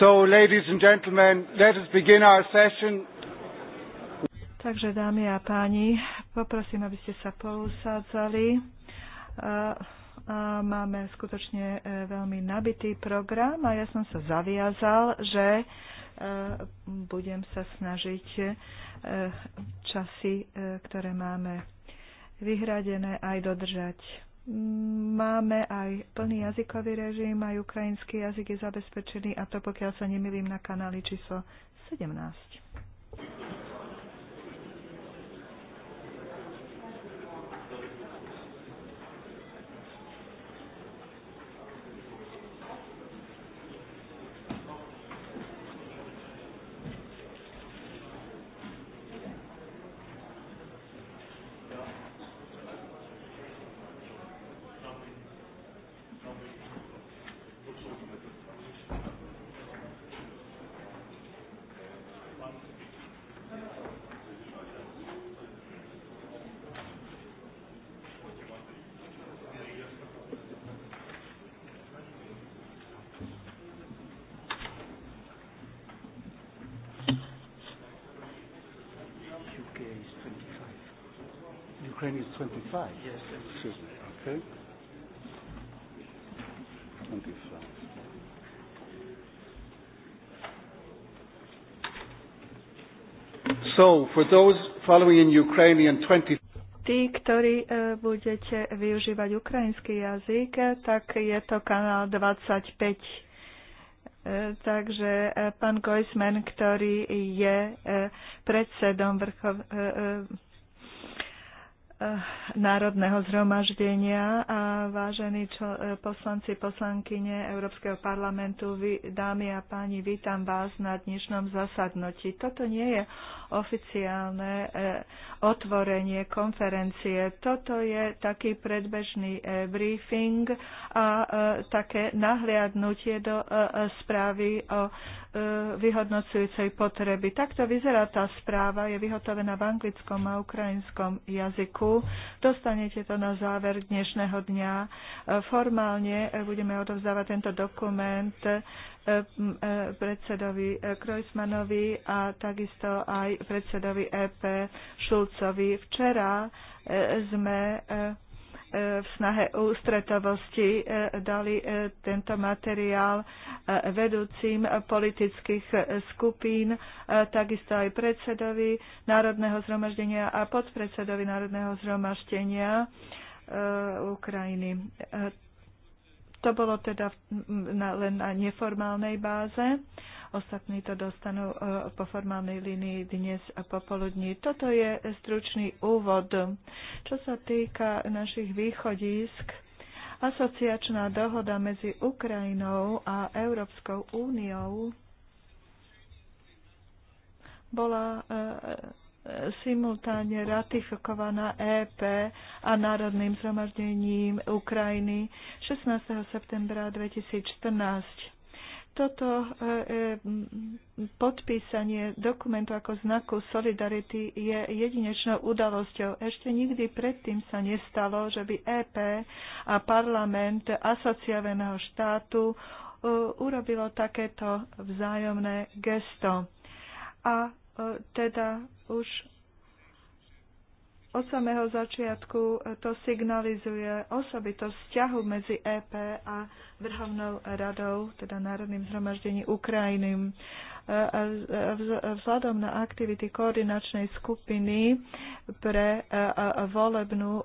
So, ladies and gentlemen, let us begin our session. Takže, dámy a páni, poprosím, aby ste sa pousádzali. Máme skutočne e, veľmi nabitý program a ja som sa zaviazal, že e, budem sa snažiť e, časy, ktoré máme vyhradené, aj dodržať. Máme aj plný jazykový režim, aj ukrajinský jazyk je zabezpečený a to pokiaľ sa nemilím na kanáli číslo 17. 25? Yes. Excuse me. Okay. 25. So, for those following in Ukrainian 20 Tí, ktorí e, budete využívať ukrajinský jazyk, e, tak je to kanál 25 e, takže pán Gojsman, ktorý je predsedom vrchov, Eh, národného zhromaždenia a vážení čo, eh, poslanci, poslankyne Európskeho parlamentu, vy, dámy a páni, vítam vás na dnešnom zasadnutí. Toto nie je oficiálne e, otvorenie konferencie. Toto je taký predbežný e, briefing a e, také nahliadnutie do e, správy o e, vyhodnocujúcej potreby. Takto vyzerá tá správa, je vyhotovená v anglickom a ukrajinskom jazyku. Dostanete to na záver dnešného dňa. E, formálne e, budeme odovzdávať tento dokument e, predsedovi Krojsmanovi a takisto aj predsedovi EP Šulcovi. Včera sme E, v snahe ústretovosti e, dali e, tento materiál vedúcim politických skupín, takisto aj predsedovi Národného zhromaždenia a podpredsedovi Národného zhromaždenia Ukrajiny. To bolo teda na, len na neformálnej báze. Ostatní to dostanú e, po formálnej línii dnes a popoludní. Toto je stručný úvod. Čo sa týka našich východísk, asociačná dohoda medzi Ukrajinou a Európskou úniou bola e, simultáne ratifikovaná EP a Národným zhromaždením Ukrajiny 16. septembra 2014. Toto e, e, podpísanie dokumentu ako znaku solidarity je jedinečnou udalosťou. Ešte nikdy predtým sa nestalo, že by EP a parlament asociaveného štátu e, urobilo takéto vzájomné gesto. A teda už od samého začiatku to signalizuje osobitosť vzťahu medzi EP a Vrhovnou radou, teda Národným zhromaždením Ukrajiny. E, e, vzhľadom na aktivity koordinačnej skupiny pre e, volebnú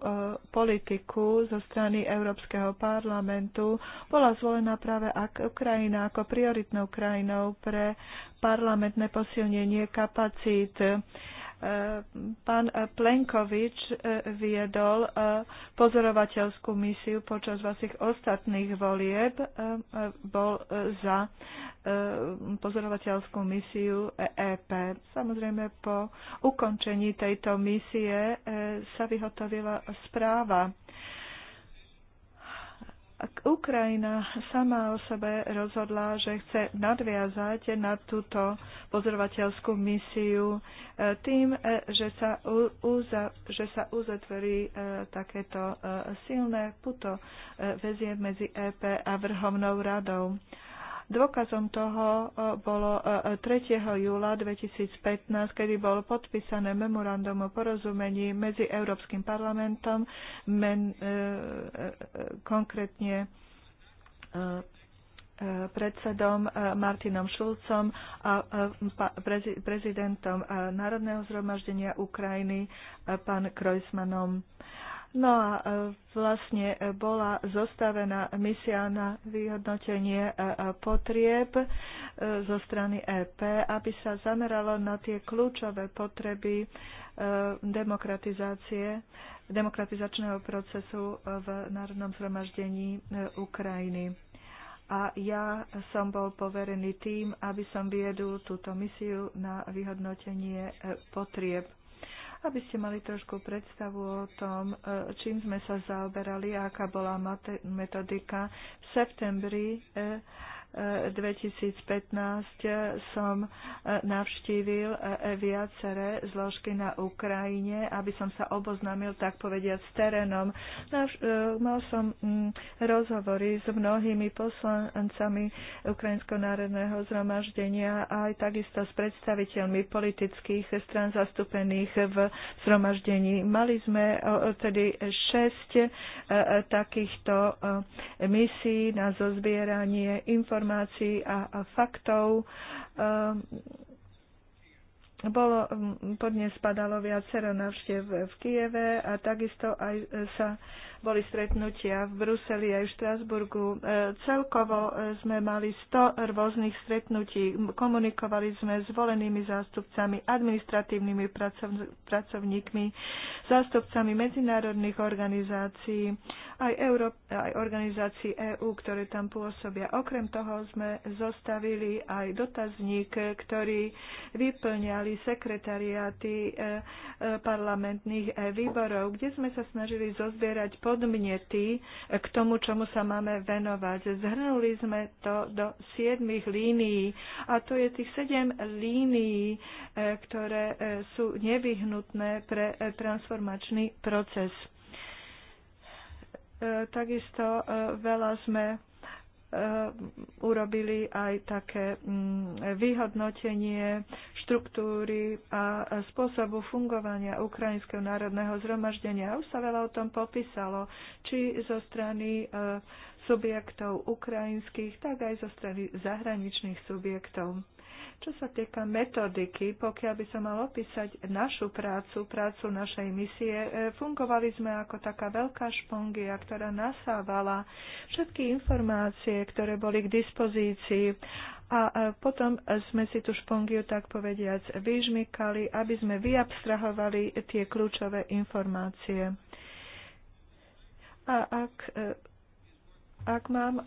politiku zo strany Európskeho parlamentu bola zvolená práve Ukrajina ako prioritnou krajinou pre parlamentné posilnenie kapacít Pán Plenkovič e, viedol e, pozorovateľskú misiu počas vašich ostatných volieb. E, bol za pozorovateľskú misiu EP. Samozrejme, po ukončení tejto misie sa vyhotovila správa Ukrajina sama o sebe rozhodla, že chce nadviazať na túto pozorovateľskú misiu e, tým, e, že sa, uza, že sa uzatvorí e, takéto silné puto väzie medzi EP a Vrhovnou radou. Dôkazom toho e, bolo 3. E, júla 2015, kedy bol podpísané memorandum o porozumení medzi Európskym parlamentom, men, e, konkrétne predsedom Martinom Šulcom a prezidentom Národného zhromaždenia Ukrajiny pán Krojsmanom. No a e, vlastne e, bola zostavená misia na vyhodnotenie e, potrieb zo strany EP, aby sa zameralo na tie kľúčové potreby demokratizácie, demokratizačného procesu v Národnom zhromaždení Ukrajiny. A ja som bol poverený tým, aby som viedol túto misiu na vyhodnotenie potrieb aby ste mali trošku predstavu o tom, e, čím sme sa zaoberali, aká bola metodika. V septembri e, 2015 eh, eh, som eh, navštívil viaceré zložky na Ukrajine, aby som sa oboznámil, tak povediať, s terénom. Mal som mm, rozhovory s mnohými poslancami Ukrajinského národného zhromaždenia a aj takisto s predstaviteľmi politických stran zastúpených v zhromaždení. Mali sme tedy šesť takýchto misií na zozbieranie informácií informácií a, a faktov. Um, bolo, pod ne spadalo viacero navštev v Kieve a takisto aj e, sa boli stretnutia v Bruseli aj v Štrásburgu. E, celkovo e, sme mali 100 rôznych stretnutí. Komunikovali sme s volenými zástupcami, administratívnymi pracovníkmi, zástupcami medzinárodných organizácií, aj, Euró- aj organizácií EÚ, ktoré tam pôsobia. Okrem toho sme zostavili aj dotazník, ktorý vyplňal mali sekretariáty e, e, parlamentných e, výborov, kde sme sa snažili zozbierať podmnety k tomu, čomu sa máme venovať. Zhrnuli sme to do siedmých línií a to je tých sedem línií, ktoré sú nevyhnutné pre transformačný proces. Takisto veľa sme Eh, urobili aj také mm, vyhodnotenie štruktúry a spôsobu fungovania Ukrajinského národného zhromaždenia. Už sa veľa o tom popísalo, či zo strany eh, subjektov ukrajinských, tak aj zo strany zahraničných subjektov. Čo sa týka metodiky, pokiaľ by som mal opísať našu prácu, prácu našej misie, e, fungovali sme ako taká veľká špongia, ktorá nasávala všetky informácie, ktoré boli k dispozícii a e, potom sme si tú špongiu, tak povediac, vyžmykali, aby sme vyabstrahovali tie kľúčové informácie. A ak ak mám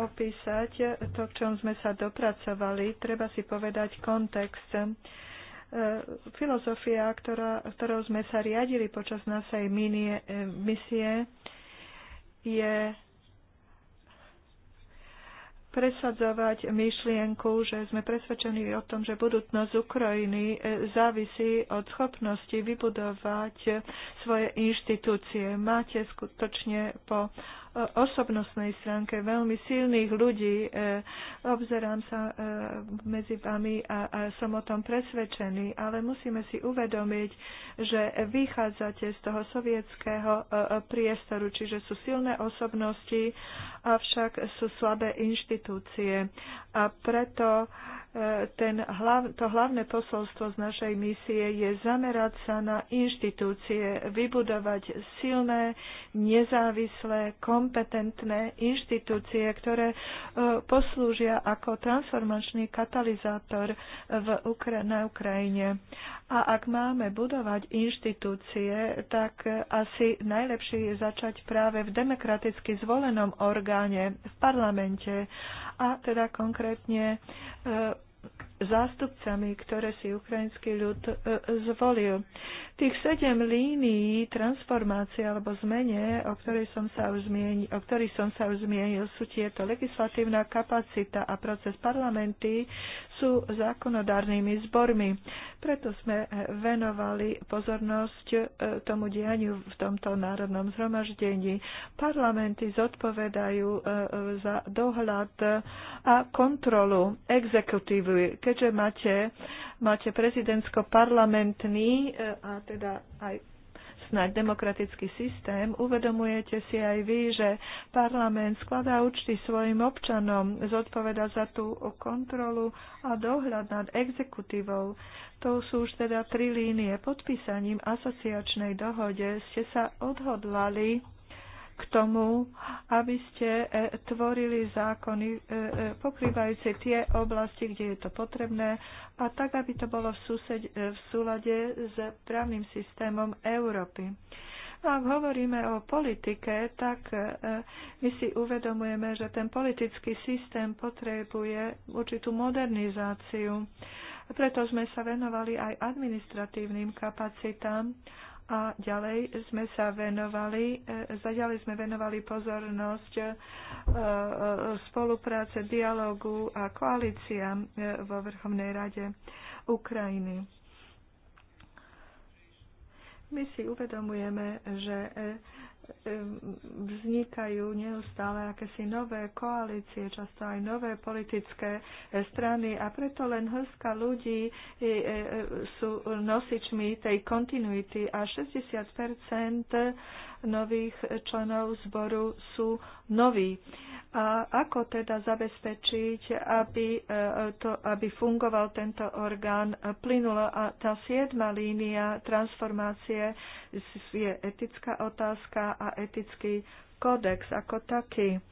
opísať to, k čom sme sa dopracovali, treba si povedať kontext. E, filozofia, ktorá, ktorou sme sa riadili počas našej e, misie, je presadzovať myšlienku, že sme presvedčení o tom, že budúcnosť Ukrajiny e, závisí od schopnosti vybudovať svoje inštitúcie. Máte skutočne po osobnostnej stránke veľmi silných ľudí. E, obzerám sa e, medzi vami a, a som o tom presvedčený, ale musíme si uvedomiť, že vychádzate z toho sovietského e, priestoru, čiže sú silné osobnosti, avšak sú slabé inštitúcie. A preto ten hlav, to hlavné posolstvo z našej misie je zamerať sa na inštitúcie, vybudovať silné, nezávislé, kompetentné inštitúcie, ktoré e, poslúžia ako transformačný katalizátor v Ukra- na Ukrajine. A ak máme budovať inštitúcie, tak e, asi najlepšie je začať práve v demokraticky zvolenom orgáne, v parlamente a teda konkrétne e, zástupcami, ktoré si ukrajinský ľud e, zvolil. Tých sedem línií transformácie alebo zmene, o ktorých som sa už o ktorých som sa už zmienil, sú tieto legislatívna kapacita a proces parlamenty sú zákonodárnymi zbormi. Preto sme venovali pozornosť e, tomu dianiu v tomto národnom zhromaždení. Parlamenty zodpovedajú e, za dohľad a kontrolu exekutívy keďže máte, máte prezidentsko-parlamentný e, a teda aj snáď demokratický systém, uvedomujete si aj vy, že parlament skladá účty svojim občanom, zodpoveda za tú kontrolu a dohľad nad exekutívou. To sú už teda tri línie. Podpísaním asociačnej dohode ste sa odhodlali k tomu, aby ste e, tvorili zákony e, e, pokrývajúce tie oblasti, kde je to potrebné a tak, aby to bolo v, sused, v súlade s právnym systémom Európy. Ak hovoríme o politike, tak my si uvedomujeme, že ten politický systém potrebuje určitú modernizáciu. Preto sme sa venovali aj administratívnym kapacitám a ďalej sme sa venovali, e, ďalej sme venovali pozornosť e, e, spolupráce, dialogu a koalíciám vo Vrchovnej rade Ukrajiny. My si uvedomujeme, že vznikajú neustále akési nové koalície, často aj nové politické strany a preto len hrska ľudí e, e, sú nosičmi tej kontinuity a 60 nových členov zboru sú noví a ako teda zabezpečiť, aby, e, to, aby fungoval tento orgán plynulo? A tá siedma línia transformácie je etická otázka a etický kódex ako taký.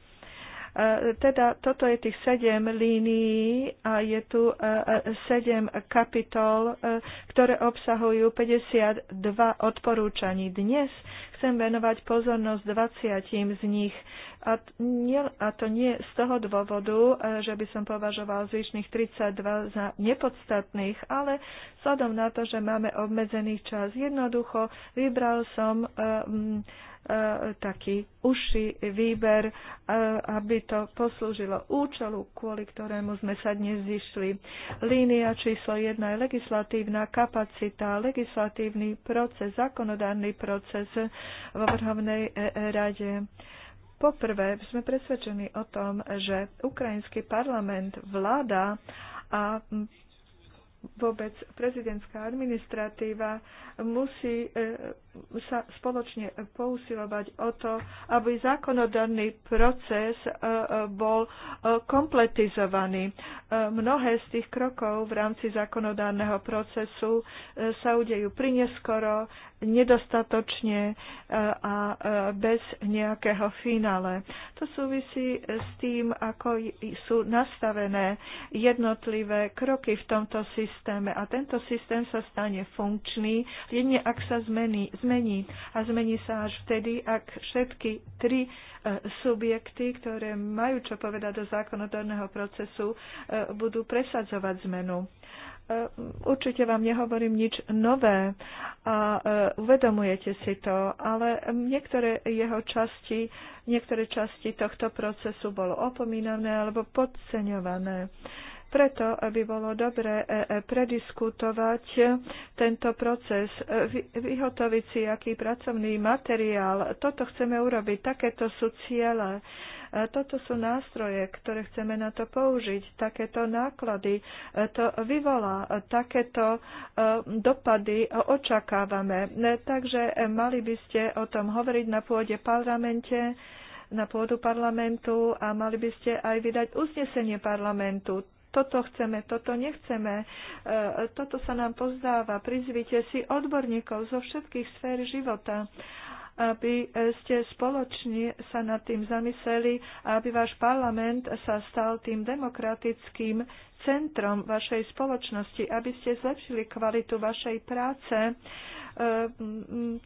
E, teda toto je tých sedem línií a je tu e, e, sedem kapitol, ktoré obsahujú 52 odporúčaní. Dnes chcem venovať pozornosť 20 z nich. A, nie, a to nie z toho dôvodu, že by som považoval zvyšných 32 za nepodstatných, ale vzhľadom na to, že máme obmedzený čas, jednoducho vybral som E, taký uši výber, e, aby to poslúžilo účelu, kvôli ktorému sme sa dnes zišli. Línia číslo 1 je legislatívna kapacita, legislatívny proces, zákonodárny proces vo Vrhovnej e, rade. Poprvé sme presvedčení o tom, že ukrajinský parlament, vláda a vôbec prezidentská administratíva musí sa spoločne pousilovať o to, aby zákonodárny proces e, e, bol e, kompletizovaný. Mnohé z tých krokov v rámci zákonodárneho procesu sa udejú prineskoro, nedostatočne a bez nejakého finále. To súvisí s tým, ako sú nastavené jednotlivé kroky v tomto systéme. A tento systém sa stane funkčný, jedne ak sa zmení, zmení zmení. A zmení sa až vtedy, ak všetky tri e, subjekty, ktoré majú čo povedať do zákonodárneho procesu, e, budú presadzovať zmenu e, určite vám nehovorím nič nové a uvedomujete si to, ale niektoré jeho časti, niektoré časti tohto procesu bolo opomínané alebo podceňované. Preto by bolo dobré e, e, prediskutovať tento proces, e, vyhotoviť si aký pracovný materiál. Toto chceme urobiť, takéto sú ciele. Toto sú nástroje, ktoré chceme na to použiť, takéto náklady. To vyvolá, takéto dopady očakávame. Takže mali by ste o tom hovoriť na pôde parlamente, na pôdu parlamentu a mali by ste aj vydať uznesenie parlamentu toto chceme, toto nechceme, e, toto sa nám pozdáva, prizvite si odborníkov zo všetkých sfér života aby ste spoločne sa nad tým zamysleli a aby váš parlament sa stal tým demokratickým centrom vašej spoločnosti, aby ste zlepšili kvalitu vašej práce, Eh,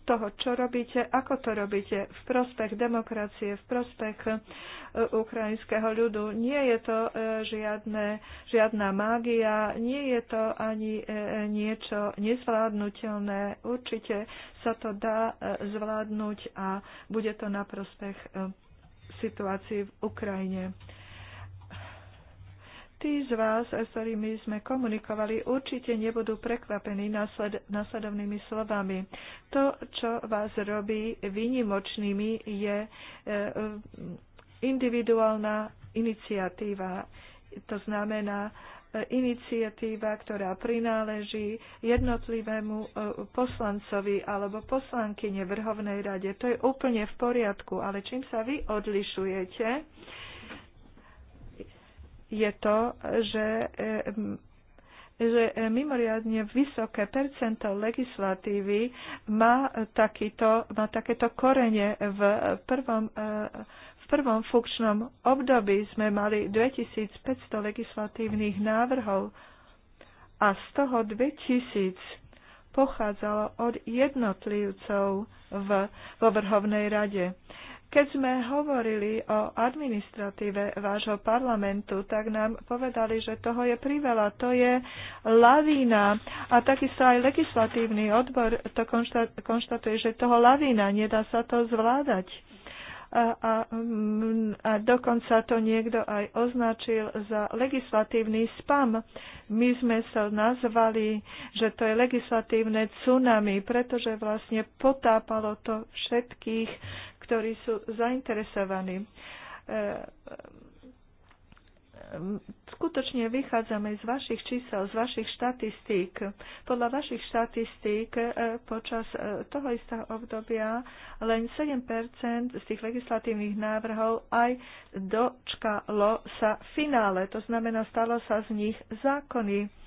toho, čo robíte, ako to robíte v prospech demokracie, v prospech eh, ukrajinského ľudu. Nie je to eh, žiadne, žiadna mágia, nie je to ani niečo nezvládnutelné. Určite sa to dá zvládnuť a bude to na prospech situácii v Ukrajine tí z vás, s ktorými sme komunikovali, určite nebudú prekvapení nasled, následovnými slovami. To, čo vás robí výnimočnými, je e, individuálna iniciatíva. To znamená, e, iniciatíva, ktorá prináleží jednotlivému e, poslancovi alebo poslankyne Vrhovnej rade. To je úplne v poriadku, ale čím sa vy odlišujete, je to, že e, že mimoriadne vysoké percento legislatívy má, takýto, má takéto korene v prvom, e, v prvom funkčnom období. Sme mali 2500 legislatívnych návrhov a z toho 2000 pochádzalo od jednotlivcov v, vo Vrhovnej rade. Keď sme hovorili o administratíve vášho parlamentu, tak nám povedali, že toho je priveľa, to je lavína. A takisto aj legislatívny odbor to konštatuje, že toho lavína, nedá sa to zvládať. A, a, mm, a dokonca to niekto aj označil za legislatívny spam. My sme sa nazvali, že to je legislatívne tsunami, pretože vlastne potápalo to všetkých, ktorí sú zainteresovaní e, skutočne vychádzame z vašich čísel, z vašich štatistík. Podľa vašich štatistík e, počas e, toho istého obdobia len 7 z tých legislatívnych návrhov aj dočkalo sa finále. To znamená, stalo sa z nich zákony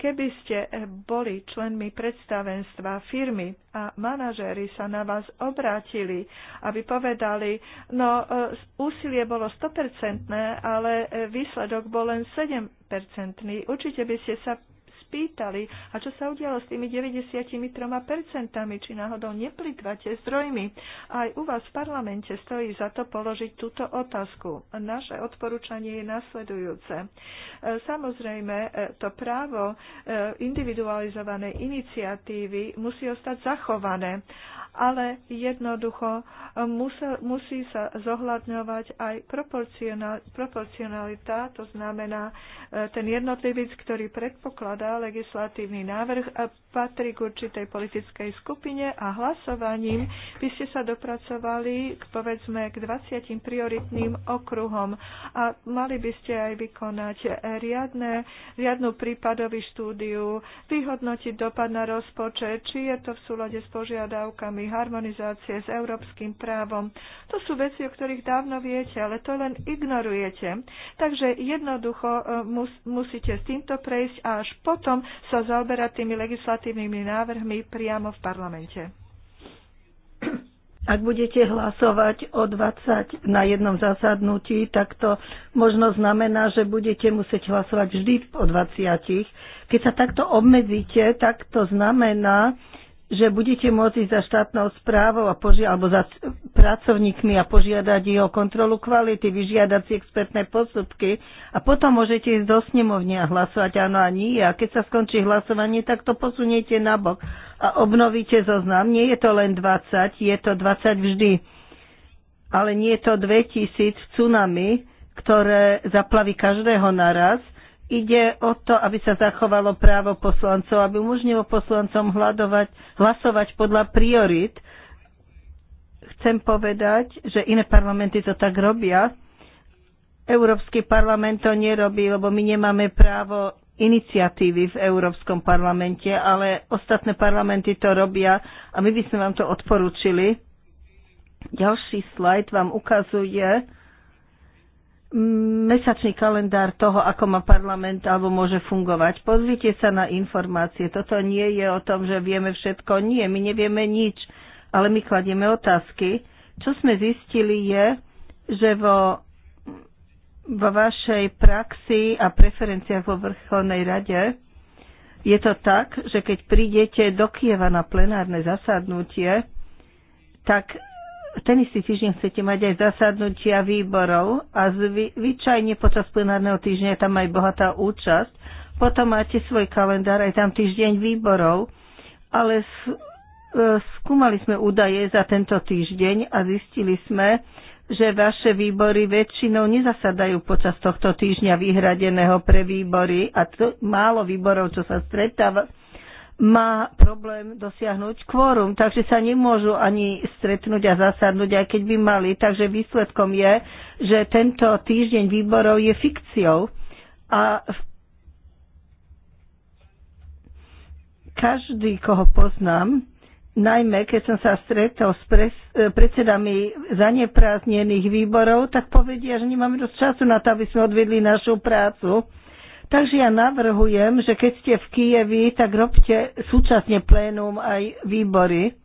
Keby ste boli členmi predstavenstva firmy a manažéri sa na vás obrátili, aby povedali, no e, úsilie bolo 100%, ale výsledok bol len 7%, určite by ste sa spýtali, a čo sa udialo s tými 93%, či náhodou neplýtvate zdrojmi. Aj u vás v parlamente stojí za to položiť túto otázku. Naše odporúčanie je nasledujúce. E, samozrejme, e, to právo e, individualizovanej iniciatívy musí ostať zachované ale jednoducho e, musel, musí sa zohľadňovať aj proporcionalita, to znamená e, ten jednotlivec, ktorý predpokladá legislatívny návrh, e, patrí k určitej politickej skupine a hlasovaním by ste sa dopracovali k, povedzme, k 20 prioritným okruhom a mali by ste aj vykonať riadne, riadnu prípadový štúdiu, vyhodnotiť dopad na rozpočet, či je to v súlade s požiadavkami harmonizácie s európskym právom. To sú veci, o ktorých dávno viete, ale to len ignorujete. Takže jednoducho eh, musíte s týmto prejsť a až potom sa zaoberať tými legislatívnymi legislatívnymi návrhmi priamo v parlamente. Ak budete hlasovať o 20 na jednom zasadnutí, tak to možno znamená, že budete musieť hlasovať vždy o 20. Keď sa takto obmedzíte, tak to znamená, že budete môcť ísť za štátnou správou a poži- alebo za pracovníkmi a požiadať ich o kontrolu kvality, vyžiadať si expertné posudky a potom môžete ísť do snemovne a hlasovať áno a nie. A keď sa skončí hlasovanie, tak to posuniete nabok a obnovíte zoznam. Nie je to len 20, je to 20 vždy. Ale nie je to 2000 v tsunami, ktoré zaplaví každého naraz Ide o to, aby sa zachovalo právo poslancov, aby umožnilo poslancom hľadovať, hlasovať podľa priorit. Chcem povedať, že iné parlamenty to tak robia. Európsky parlament to nerobí, lebo my nemáme právo iniciatívy v Európskom parlamente, ale ostatné parlamenty to robia a my by sme vám to odporúčili. Ďalší slajd vám ukazuje, mesačný kalendár toho, ako má parlament alebo môže fungovať. Pozrite sa na informácie. Toto nie je o tom, že vieme všetko. Nie, my nevieme nič, ale my kladieme otázky. Čo sme zistili je, že vo, vo vašej praxi a preferenciách vo Vrcholnej rade je to tak, že keď prídete do Kieva na plenárne zasadnutie, tak ten istý týždeň chcete mať aj zasadnutia výborov a zvyčajne počas plenárneho týždňa je tam aj bohatá účasť. Potom máte svoj kalendár, aj tam týždeň výborov, ale e, skúmali sme údaje za tento týždeň a zistili sme, že vaše výbory väčšinou nezasadajú počas tohto týždňa vyhradeného pre výbory a to, málo výborov, čo sa stretáva, má problém dosiahnuť kvórum, takže sa nemôžu ani stretnúť a zasadnúť, aj keď by mali. Takže výsledkom je, že tento týždeň výborov je fikciou a každý, koho poznám, najmä keď som sa stretol s e, predsedami zaneprázdnených výborov, tak povedia, že nemáme dosť času na to, aby sme odvedli našu prácu. Takže ja navrhujem, že keď ste v Kijevi, tak robte súčasne plénum aj výbory.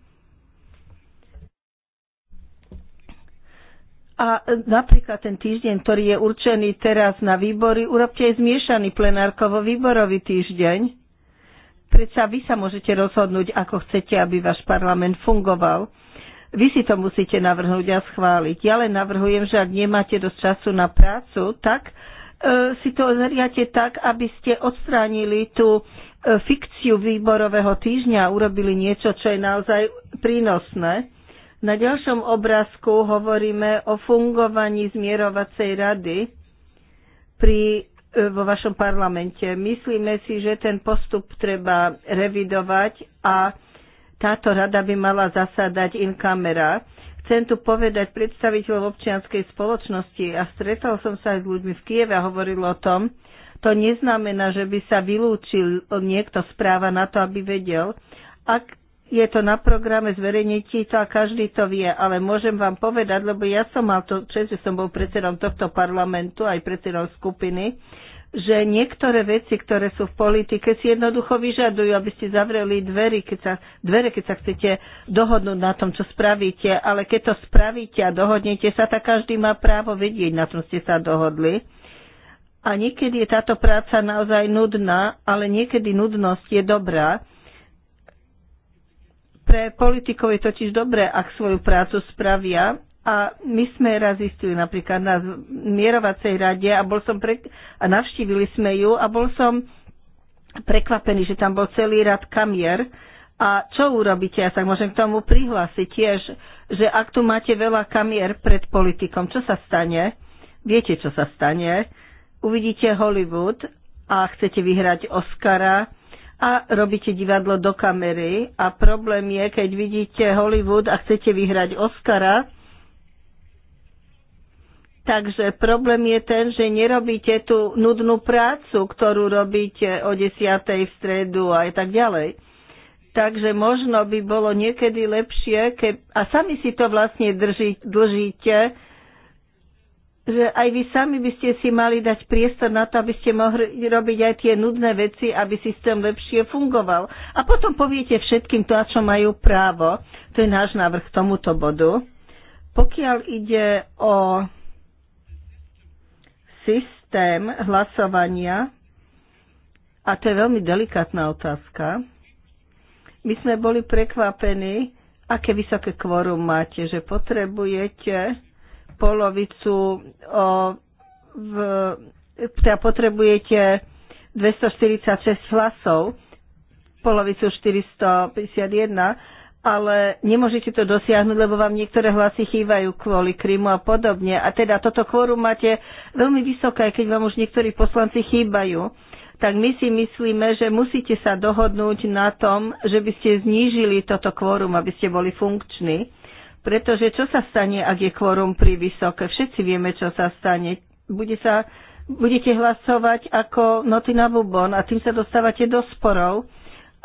A napríklad ten týždeň, ktorý je určený teraz na výbory, urobte aj zmiešaný plenárkovo-výborový týždeň. Predsa vy sa môžete rozhodnúť, ako chcete, aby váš parlament fungoval. Vy si to musíte navrhnúť a schváliť. Ja len navrhujem, že ak nemáte dosť času na prácu, tak E, si to zariate tak, aby ste odstránili tú e, fikciu výborového týždňa a urobili niečo, čo je naozaj prínosné. Na ďalšom obrázku hovoríme o fungovaní zmierovacej rady pri, e, vo vašom parlamente. Myslíme si, že ten postup treba revidovať a táto rada by mala zasadať in camera. Chcem tu povedať predstaviteľov občianskej spoločnosti a stretol som sa aj s ľuďmi v Kieve a hovoril o tom. To neznamená, že by sa vylúčil niekto správa na to, aby vedel. Ak je to na programe zverejnite to a každý to vie, ale môžem vám povedať, lebo ja som mal to čest, že som bol predsedom tohto parlamentu, aj predsedom skupiny, že niektoré veci, ktoré sú v politike, si jednoducho vyžadujú, aby ste zavreli dvere, keď sa, dvere, keď sa chcete dohodnúť na tom, čo spravíte. Ale keď to spravíte a dohodnete sa, tak každý má právo vedieť, na čom ste sa dohodli. A niekedy je táto práca naozaj nudná, ale niekedy nudnosť je dobrá. Pre politikov je totiž dobré, ak svoju prácu spravia a my sme raz istili napríklad na mierovacej rade a bol som pre, a navštívili sme ju a bol som prekvapený, že tam bol celý rad kamier. A čo urobíte? Ja sa môžem k tomu prihlásiť tiež, že ak tu máte veľa kamier pred politikom, čo sa stane? Viete, čo sa stane? Uvidíte Hollywood a chcete vyhrať Oscara a robíte divadlo do kamery a problém je, keď vidíte Hollywood a chcete vyhrať Oscara, Takže problém je ten, že nerobíte tú nudnú prácu, ktorú robíte o desiatej v stredu a tak ďalej. Takže možno by bolo niekedy lepšie, ke, a sami si to vlastne drži, držíte, že aj vy sami by ste si mali dať priestor na to, aby ste mohli robiť aj tie nudné veci, aby systém lepšie fungoval. A potom poviete všetkým to, čo majú právo. To je náš návrh k tomuto bodu. Pokiaľ ide o systém hlasovania, a to je veľmi delikátna otázka, my sme boli prekvapení, aké vysoké kvorum máte, že potrebujete polovicu o, v, teda potrebujete 246 hlasov, polovicu 451 ale nemôžete to dosiahnuť, lebo vám niektoré hlasy chýbajú kvôli Krymu a podobne. A teda toto kvórum máte veľmi vysoké, keď vám už niektorí poslanci chýbajú. Tak my si myslíme, že musíte sa dohodnúť na tom, že by ste znížili toto kvórum, aby ste boli funkční. Pretože čo sa stane, ak je kvórum pri vysoké? Všetci vieme, čo sa stane. Bude sa, budete hlasovať ako noty na bubon a tým sa dostávate do sporov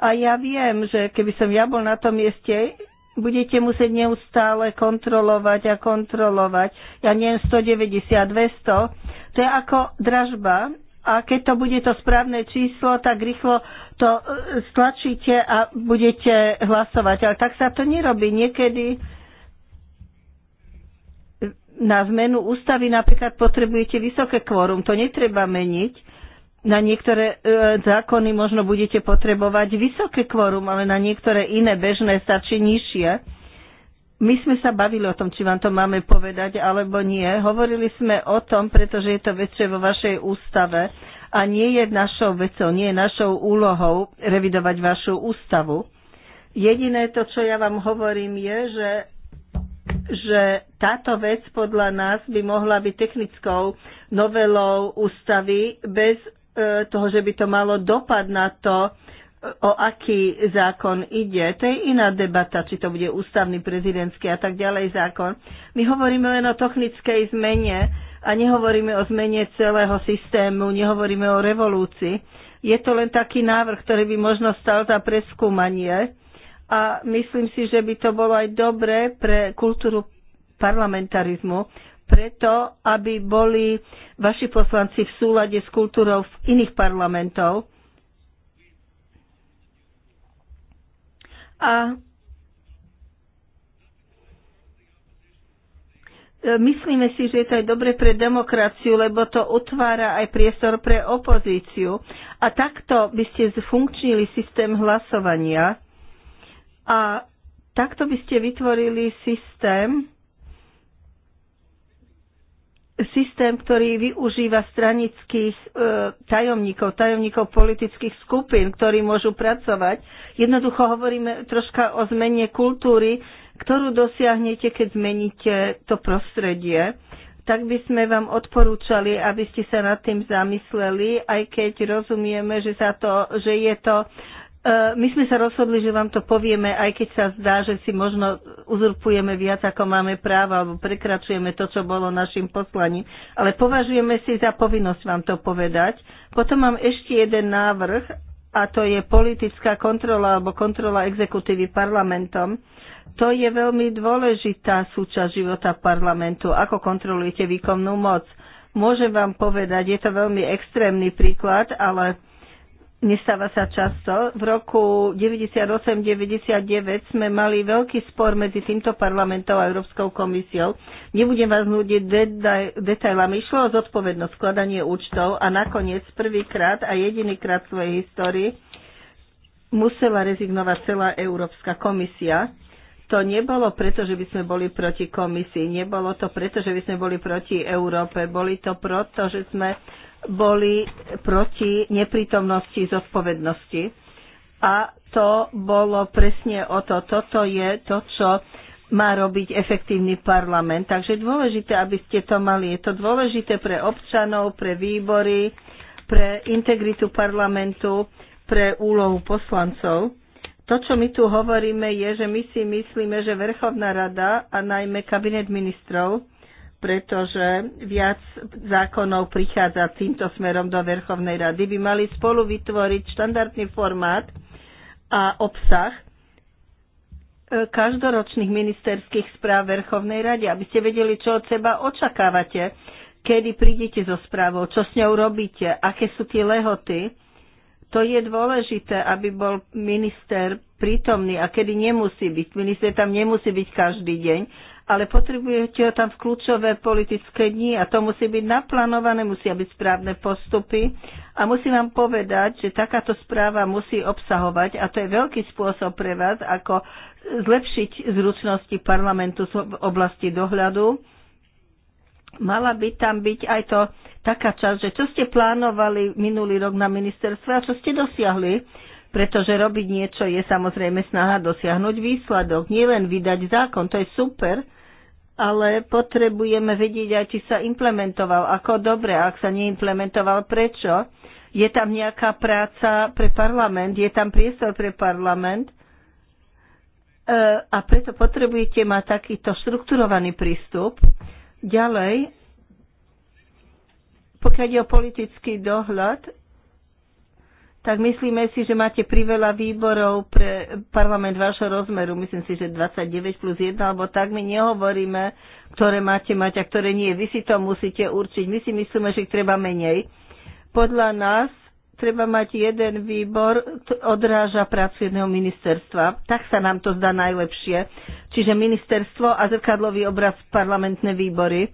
a ja viem, že keby som ja bol na tom mieste, budete musieť neustále kontrolovať a kontrolovať. Ja neviem, 190, 200. To je ako dražba. A keď to bude to správne číslo, tak rýchlo to e, stlačíte a budete hlasovať. Ale tak sa to nerobí. Niekedy na zmenu ústavy napríklad potrebujete vysoké kvórum. To netreba meniť na niektoré e, zákony možno budete potrebovať vysoké kvorum, ale na niektoré iné bežné stačí nižšie. My sme sa bavili o tom, či vám to máme povedať alebo nie. Hovorili sme o tom, pretože je to vec, vo vašej ústave a nie je našou vecou, nie je našou úlohou revidovať vašu ústavu. Jediné to, čo ja vám hovorím, je, že, že táto vec podľa nás by mohla byť technickou novelou ústavy bez E, toho, že by to malo dopad na to, e, o aký zákon ide. To je iná debata, či to bude ústavný, prezidentský a tak ďalej zákon. My hovoríme len o technickej zmene a nehovoríme o zmene celého systému, nehovoríme o revolúcii. Je to len taký návrh, ktorý by možno stal za preskúmanie a myslím si, že by to bolo aj dobre pre kultúru parlamentarizmu, preto, aby boli vaši poslanci v súlade s kultúrou v iných parlamentov. A myslíme si, že je to aj dobre pre demokraciu, lebo to otvára aj priestor pre opozíciu. A takto by ste zfunkčnili systém hlasovania a takto by ste vytvorili systém, systém, ktorý využíva stranických e, tajomníkov, tajomníkov politických skupín, ktorí môžu pracovať. Jednoducho hovoríme troška o zmene kultúry, ktorú dosiahnete, keď zmeníte to prostredie. Tak by sme vám odporúčali, aby ste sa nad tým zamysleli, aj keď rozumieme, že, sa to, že je to Eh, my sme sa rozhodli, že vám to povieme, aj keď sa zdá, že si možno uzurpujeme viac, ako máme práva, alebo prekračujeme to, čo bolo našim poslaním. Ale považujeme si za povinnosť vám to povedať. Potom mám ešte jeden návrh, a to je politická kontrola alebo kontrola exekutívy parlamentom. To je veľmi dôležitá súčasť života parlamentu, ako kontrolujete výkonnú moc. Môžem vám povedať, je to veľmi extrémny príklad, ale nestáva sa často. V roku 98-99 sme mali veľký spor medzi týmto parlamentom a Európskou komisiou. Nebudem vás nudiť detailami. Išlo o zodpovednosť, skladanie účtov a nakoniec prvýkrát a jedinýkrát v svojej histórii musela rezignovať celá Európska komisia. To nebolo preto, že by sme boli proti komisii, nebolo to preto, že by sme boli proti Európe, boli to preto, že sme boli proti neprítomnosti zodpovednosti. A to bolo presne o to. Toto je to, čo má robiť efektívny parlament. Takže dôležité, aby ste to mali. Je to dôležité pre občanov, pre výbory, pre integritu parlamentu, pre úlohu poslancov. To, čo my tu hovoríme, je, že my si myslíme, že Verchovná rada a najmä kabinet ministrov pretože viac zákonov prichádza týmto smerom do Verchovnej rady, by mali spolu vytvoriť štandardný formát a obsah e, každoročných ministerských správ Verchovnej rade, aby ste vedeli, čo od seba očakávate, kedy prídete so správou, čo s ňou robíte, aké sú tie lehoty. To je dôležité, aby bol minister prítomný a kedy nemusí byť. Minister tam nemusí byť každý deň, ale potrebujete ho tam v kľúčové politické dni a to musí byť naplánované, musia byť správne postupy. A musím vám povedať, že takáto správa musí obsahovať, a to je veľký spôsob pre vás, ako zlepšiť zručnosti parlamentu v oblasti dohľadu. Mala by tam byť aj to taká časť, že čo ste plánovali minulý rok na ministerstve a čo ste dosiahli, pretože robiť niečo je samozrejme snaha dosiahnuť výsledok, nielen vydať zákon, to je super, ale potrebujeme vedieť aj, či sa implementoval, ako dobre, ak sa neimplementoval, prečo. Je tam nejaká práca pre parlament, je tam priestor pre parlament e, a preto potrebujete mať takýto štrukturovaný prístup. Ďalej, pokiaľ je o politický dohľad, tak myslíme si, že máte priveľa výborov pre parlament vášho rozmeru. Myslím si, že 29 plus 1, alebo tak my nehovoríme, ktoré máte mať a ktoré nie. Vy si to musíte určiť. My si myslíme, že ich treba menej. Podľa nás treba mať jeden výbor, odráža prácu jedného ministerstva. Tak sa nám to zdá najlepšie. Čiže ministerstvo a zrkadlový obraz parlamentné výbory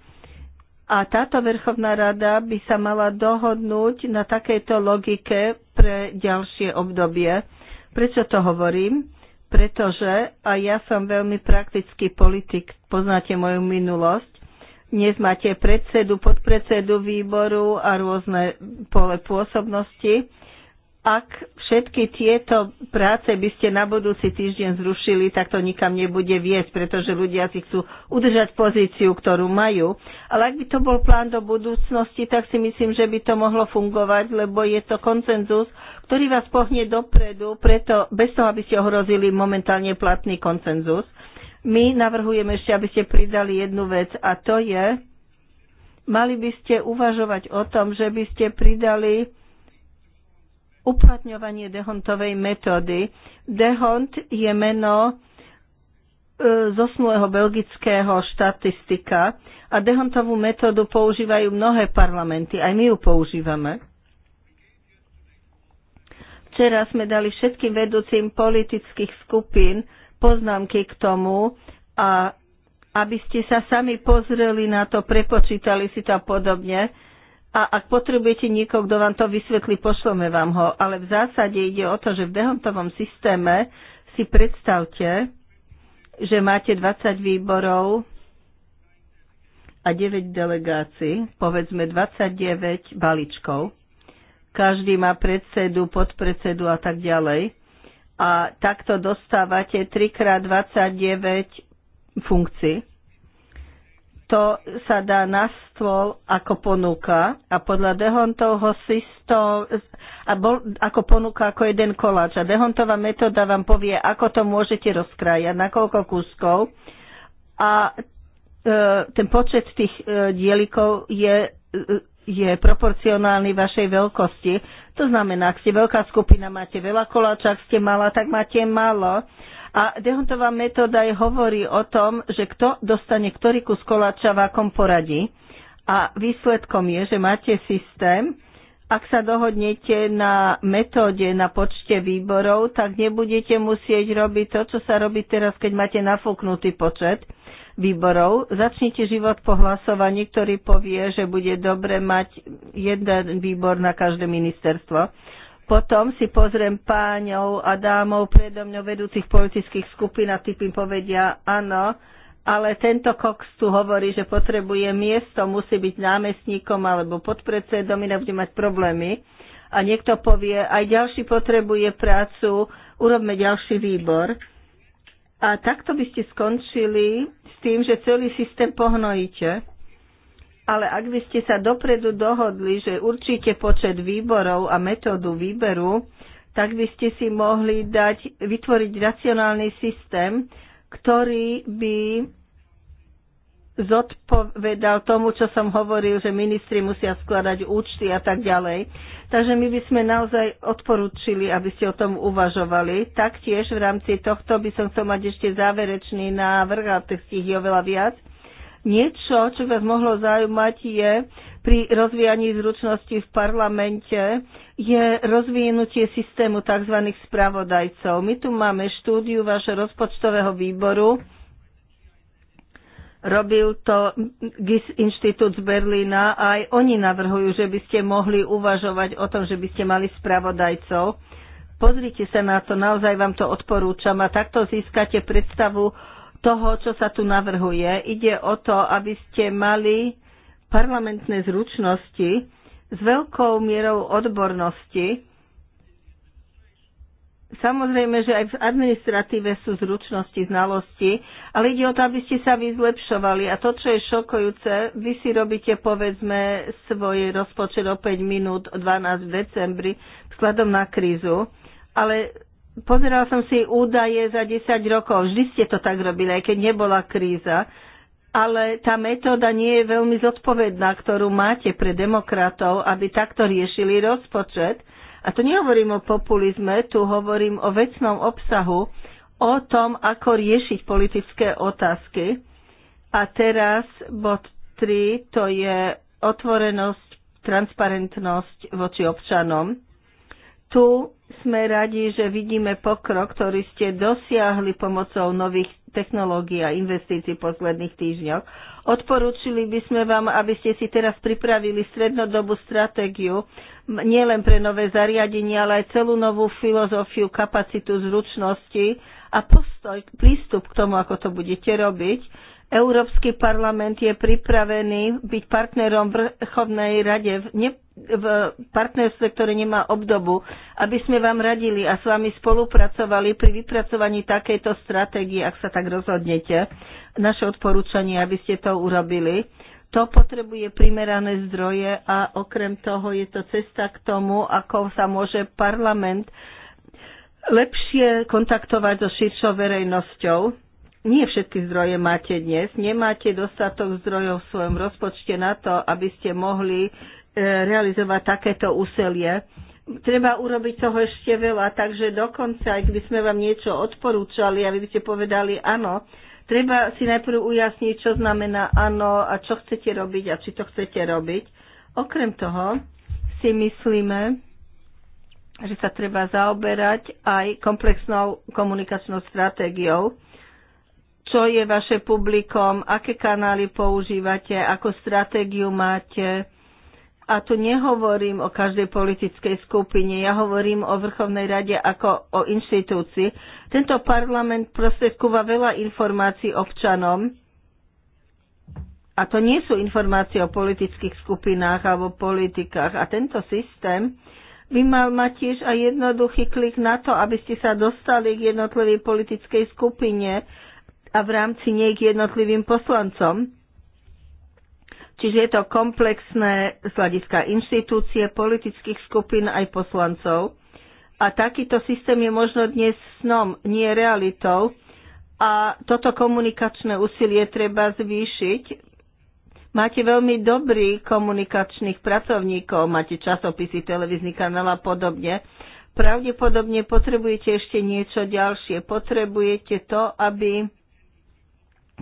a táto Verchovná rada by sa mala dohodnúť na takejto logike pre ďalšie obdobie. Prečo to hovorím? Pretože, a ja som veľmi praktický politik, poznáte moju minulosť, dnes máte predsedu, podpredsedu výboru a rôzne pole pôsobnosti ak všetky tieto práce by ste na budúci týždeň zrušili, tak to nikam nebude viesť, pretože ľudia si chcú udržať pozíciu, ktorú majú. Ale ak by to bol plán do budúcnosti, tak si myslím, že by to mohlo fungovať, lebo je to koncenzus, ktorý vás pohne dopredu, preto bez toho, aby ste ohrozili momentálne platný koncenzus. My navrhujeme ešte, aby ste pridali jednu vec a to je, mali by ste uvažovať o tom, že by ste pridali uplatňovanie Dehontovej metódy. Dehont je meno e, zosnulého belgického štatistika a Dehontovú metódu používajú mnohé parlamenty, aj my ju používame. Včera sme dali všetkým vedúcim politických skupín poznámky k tomu a aby ste sa sami pozreli na to, prepočítali si to a podobne, a ak potrebujete niekoho, kto vám to vysvetlí, pošleme vám ho. Ale v zásade ide o to, že v dehontovom systéme si predstavte, že máte 20 výborov a 9 delegácií, povedzme 29 balíčkov. Každý má predsedu, podpredsedu a tak ďalej. A takto dostávate 3x29 funkcií to sa dá na stôl ako ponuka a podľa Dehontovho systému a bol, ako ponuka ako jeden koláč. A Dehontová metóda vám povie, ako to môžete rozkrájať, na koľko kúskov. A e, ten počet tých e, dielikov je, e, je proporcionálny vašej veľkosti. To znamená, ak ste veľká skupina, máte veľa koláča, ak ste malá, tak máte málo. A Dehontová metóda je hovorí o tom, že kto dostane ktorý kus koláča v akom poradí. A výsledkom je, že máte systém, ak sa dohodnete na metóde, na počte výborov, tak nebudete musieť robiť to, čo sa robí teraz, keď máte nafúknutý počet výborov. Začnite život po hlasovaní, ktorý povie, že bude dobre mať jeden výbor na každé ministerstvo. Potom si pozriem páňov a dámov predo mňou vedúcich politických skupín a typ im povedia áno, ale tento Cox tu hovorí, že potrebuje miesto, musí byť námestníkom alebo podpredsedom, inak bude mať problémy. A niekto povie, aj ďalší potrebuje prácu, urobme ďalší výbor. A takto by ste skončili s tým, že celý systém pohnojíte ale ak by ste sa dopredu dohodli, že určite počet výborov a metódu výberu, tak by ste si mohli dať, vytvoriť racionálny systém, ktorý by zodpovedal tomu, čo som hovoril, že ministri musia skladať účty a tak ďalej. Takže my by sme naozaj odporúčili, aby ste o tom uvažovali. Taktiež v rámci tohto by som chcel mať ešte záverečný návrh, a tých je oveľa viac. Niečo, čo vás mohlo zaujímať, je pri rozvíjaní zručnosti v parlamente je rozvinutie systému tzv. spravodajcov. My tu máme štúdiu vašeho rozpočtového výboru. Robil to GIS Inštitút z Berlína a aj oni navrhujú, že by ste mohli uvažovať o tom, že by ste mali spravodajcov. Pozrite sa na to, naozaj vám to odporúčam a takto získate predstavu toho, čo sa tu navrhuje. Ide o to, aby ste mali parlamentné zručnosti s veľkou mierou odbornosti. Samozrejme, že aj v administratíve sú zručnosti, znalosti, ale ide o to, aby ste sa vyzlepšovali. A to, čo je šokujúce, vy si robíte, povedzme, svoj rozpočet o 5 minút 12 v decembri vzhľadom na krízu, ale Pozeral som si údaje za 10 rokov. Vždy ste to tak robili, aj keď nebola kríza. Ale tá metóda nie je veľmi zodpovedná, ktorú máte pre demokratov, aby takto riešili rozpočet. A tu nehovorím o populizme, tu hovorím o vecnom obsahu, o tom, ako riešiť politické otázky. A teraz bod 3, to je otvorenosť, transparentnosť voči občanom. Tu sme radi, že vidíme pokrok, ktorý ste dosiahli pomocou nových technológií a investícií v posledných týždňoch. Odporúčili by sme vám, aby ste si teraz pripravili strednodobú stratégiu, nielen pre nové zariadenie, ale aj celú novú filozofiu, kapacitu, zručnosti a postoj, prístup k tomu, ako to budete robiť. Európsky parlament je pripravený byť partnerom v Vrchovnej rade v, ne, v partnerstve, ktoré nemá obdobu, aby sme vám radili a s vami spolupracovali pri vypracovaní takejto stratégie, ak sa tak rozhodnete. Naše odporúčanie, aby ste to urobili. To potrebuje primerané zdroje a okrem toho je to cesta k tomu, ako sa môže parlament lepšie kontaktovať so širšou verejnosťou nie všetky zdroje máte dnes. Nemáte dostatok zdrojov v svojom rozpočte na to, aby ste mohli e, realizovať takéto úsilie. Treba urobiť toho ešte veľa, takže dokonca, ak by sme vám niečo odporúčali a vy by ste povedali áno, treba si najprv ujasniť, čo znamená áno a čo chcete robiť a či to chcete robiť. Okrem toho si myslíme, že sa treba zaoberať aj komplexnou komunikačnou stratégiou, čo je vaše publikom, aké kanály používate, ako stratégiu máte. A tu nehovorím o každej politickej skupine, ja hovorím o Vrchovnej rade ako o inštitúcii. Tento parlament prostredkúva veľa informácií občanom. A to nie sú informácie o politických skupinách alebo politikách. A tento systém by mal mať tiež aj jednoduchý klik na to, aby ste sa dostali k jednotlivej politickej skupine, a v rámci nej k jednotlivým poslancom. Čiže je to komplexné z hľadiska inštitúcie, politických skupín aj poslancov. A takýto systém je možno dnes snom, nie realitou. A toto komunikačné úsilie treba zvýšiť. Máte veľmi dobrých komunikačných pracovníkov, máte časopisy, televízny kanál a podobne. Pravdepodobne potrebujete ešte niečo ďalšie. Potrebujete to, aby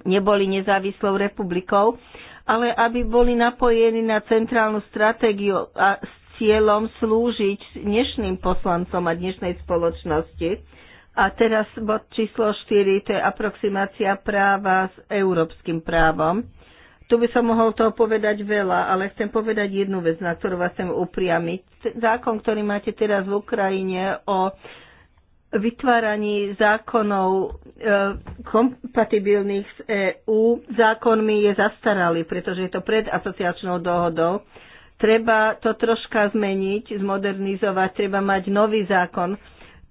neboli nezávislou republikou, ale aby boli napojení na centrálnu stratégiu a s cieľom slúžiť dnešným poslancom a dnešnej spoločnosti. A teraz bod číslo 4, to je aproximácia práva s európskym právom. Tu by som mohol toho povedať veľa, ale chcem povedať jednu vec, na ktorú vás chcem upriamiť. Zákon, ktorý máte teraz v Ukrajine o vytváraní zákonov e, kompatibilných s EÚ zákonmi je zastaralý, pretože je to pred asociačnou dohodou. Treba to troška zmeniť, zmodernizovať, treba mať nový zákon,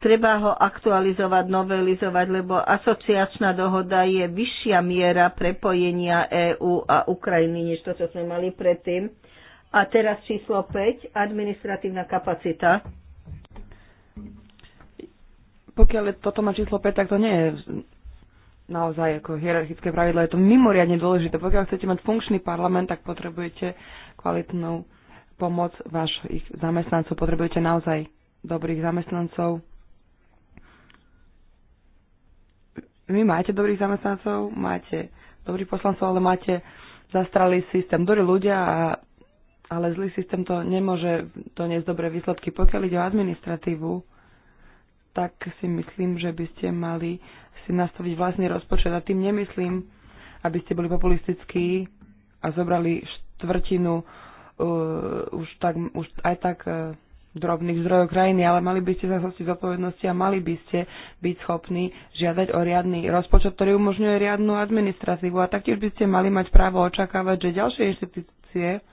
treba ho aktualizovať, novelizovať, lebo asociačná dohoda je vyššia miera prepojenia EÚ a Ukrajiny, než to, čo sme mali predtým. A teraz číslo 5, administratívna kapacita pokiaľ toto má číslo 5, tak to nie je naozaj ako hierarchické pravidlo. Je to mimoriadne dôležité. Pokiaľ chcete mať funkčný parlament, tak potrebujete kvalitnú pomoc vašich zamestnancov. Potrebujete naozaj dobrých zamestnancov. Vy máte dobrých zamestnancov, máte dobrých poslancov, ale máte zastralý systém. Dobrí ľudia, a, ale zlý systém to nemôže doniesť dobré výsledky. Pokiaľ ide o administratívu, tak si myslím, že by ste mali si nastaviť vlastný rozpočet. A tým nemyslím, aby ste boli populistickí a zobrali štvrtinu uh, už, tak, už aj tak uh, drobných zdrojov krajiny, ale mali by ste sa zhostiť zodpovednosti a mali by ste byť schopní žiadať o riadny rozpočet, ktorý umožňuje riadnu administratívu a taktiež by ste mali mať právo očakávať, že ďalšie inštitúcie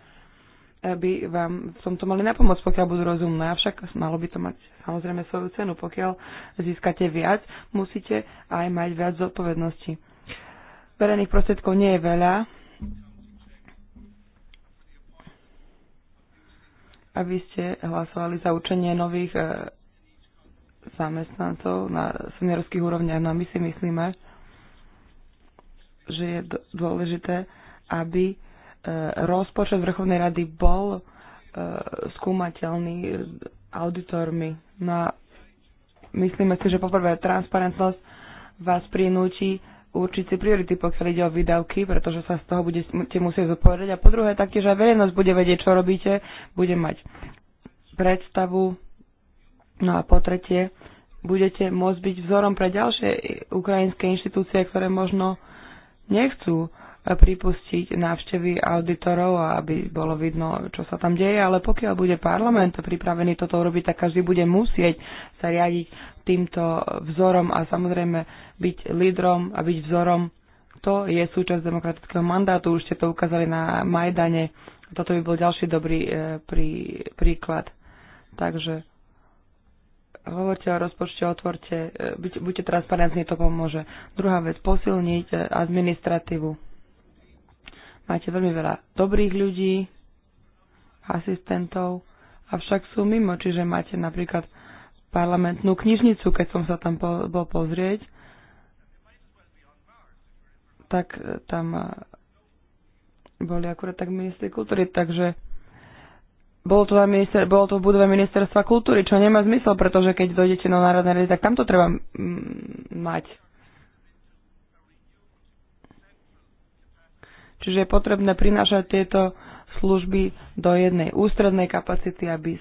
by vám v tomto mali napomôcť, pokiaľ budú rozumné. Avšak malo by to mať samozrejme svoju cenu. Pokiaľ získate viac, musíte aj mať viac zodpovednosti. Verejných prostriedkov nie je veľa. Aby ste hlasovali za učenie nových e, zamestnancov na seniorských úrovniach. No my si myslíme, že je dôležité, aby E, rozpočet Vrchovnej rady bol e, skúmateľný auditormi. No a myslíme si, že poprvé transparentnosť vás prinúti určiť si priority, pokiaľ ide o výdavky, pretože sa z toho budete musieť zodpovedať. A po druhé, taktiež aj verejnosť bude vedieť, čo robíte, bude mať predstavu. No a po tretie, budete môcť byť vzorom pre ďalšie ukrajinské inštitúcie, ktoré možno nechcú pripustiť návštevy auditorov aby bolo vidno, čo sa tam deje, ale pokiaľ bude parlament pripravený toto urobiť, tak každý bude musieť sa riadiť týmto vzorom a samozrejme byť lídrom a byť vzorom. To je súčasť demokratického mandátu, už ste to ukázali na Majdane. Toto by bol ďalší dobrý e, prí, príklad. Takže hovorte o rozpočte, otvorte, e, buďte transparentní, to pomôže. Druhá vec, posilniť e, administratívu Máte veľmi veľa dobrých ľudí, asistentov, avšak sú mimo, čiže máte napríklad parlamentnú knižnicu, keď som sa tam bol pozrieť, tak e, tam e, boli akurát tak ministri kultúry, takže bolo to, minister, bolo to v budove ministerstva kultúry, čo nemá zmysel, pretože keď dojdete na Národné rady, tak tam to treba mm, mať. Čiže je potrebné prinášať tieto služby do jednej ústrednej kapacity, aby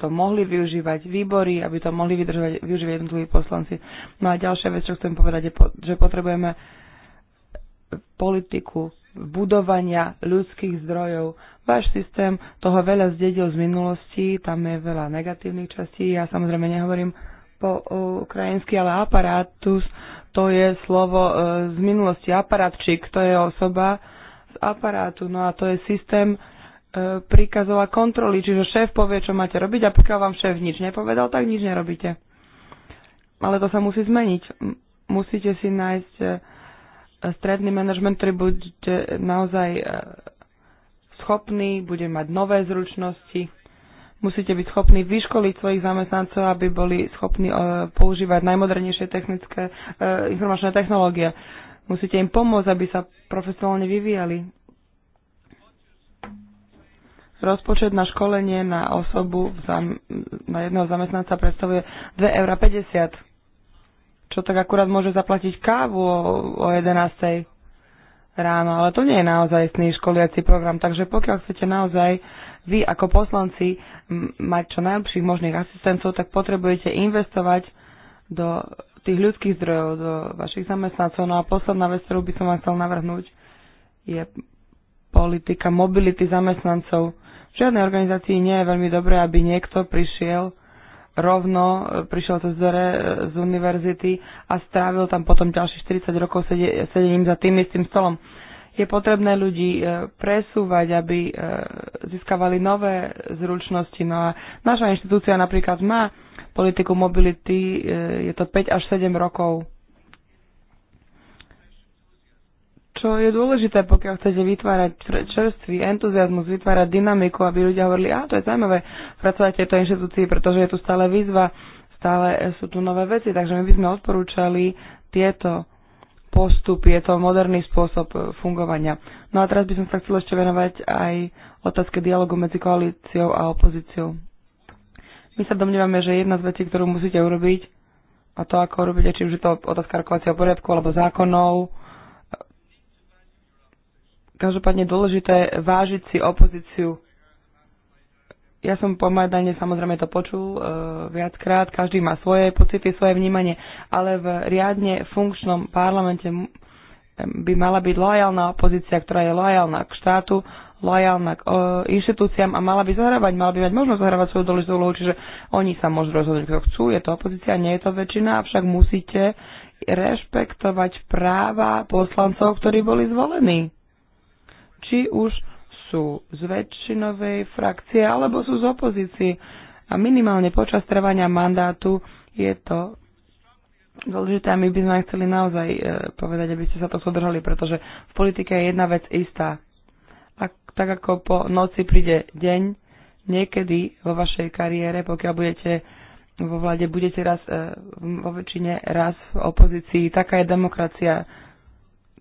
to mohli využívať výbory, aby to mohli vydržovať, využívať jednotliví poslanci. No a ďalšia vec, čo chcem povedať, je, že potrebujeme politiku budovania ľudských zdrojov. Váš systém toho veľa zdedil z minulosti, tam je veľa negatívnych častí. Ja samozrejme nehovorím po e, ukrajinsky, ale aparátus to je slovo e, z minulosti. Aparátčik to je osoba z aparátu, no a to je systém e, príkazov a kontroly, čiže šéf povie, čo máte robiť a pokiaľ vám šéf nič nepovedal, tak nič nerobíte. Ale to sa musí zmeniť. Musíte si nájsť stredný manažment, ktorý bude naozaj schopný, bude mať nové zručnosti, Musíte byť schopní vyškoliť svojich zamestnancov, aby boli schopní e, používať najmodernejšie technické e, informačné technológie. Musíte im pomôcť, aby sa profesionálne vyvíjali. Rozpočet na školenie na osobu na jedného zamestnanca predstavuje 2,50 eur, čo tak akurát môže zaplatiť kávu o 11 ráno, ale to nie je naozaj sný školiaci program, takže pokiaľ chcete naozaj vy ako poslanci mať čo najlepších možných asistentov, tak potrebujete investovať do tých ľudských zdrojov, do vašich zamestnancov. No a posledná vec, ktorú by som vám chcel navrhnúť, je politika mobility zamestnancov. V žiadnej organizácii nie je veľmi dobré, aby niekto prišiel rovno, prišiel cez dvere z univerzity a strávil tam potom ďalších 40 rokov sedením za tým istým stolom je potrebné ľudí e, presúvať, aby e, získavali nové zručnosti. No a naša inštitúcia napríklad má politiku mobility, e, je to 5 až 7 rokov. Čo je dôležité, pokiaľ chcete vytvárať čerstvý entuziasmus, vytvárať dynamiku, aby ľudia hovorili, a to je zaujímavé pracovať v tejto inštitúcii, pretože je tu stále výzva, stále sú tu nové veci, takže my by sme odporúčali tieto postup, je to moderný spôsob e, fungovania. No a teraz by som sa chcel ešte venovať aj otázke dialogu medzi koalíciou a opozíciou. My sa domnievame, že jedna z vecí, ktorú musíte urobiť, a to ako robíte, či už je to otázka rokovacieho poriadku alebo zákonov, e, každopádne dôležité vážiť si opozíciu ja som pomedane samozrejme to počul e, viackrát, každý má svoje pocity, svoje vnímanie, ale v riadne funkčnom parlamente by mala byť lojálna opozícia, ktorá je lojálna k štátu, lojálna k e, inštitúciám a mala by zahrávať, mala by mať možnosť zahrávať svoju dôležitú úlohu, čiže oni sa môžu rozhodnúť, kto chcú, je to opozícia, nie je to väčšina, avšak musíte rešpektovať práva poslancov, ktorí boli zvolení. Či už sú z väčšinovej frakcie alebo sú z opozície. A minimálne počas trvania mandátu je to dôležité a my by sme chceli naozaj e, povedať, aby ste sa to sodrhali, pretože v politike je jedna vec istá. A tak ako po noci príde deň, niekedy vo vašej kariére, pokiaľ budete vo vláde, budete raz e, vo väčšine, raz v opozícii. Taká je demokracia,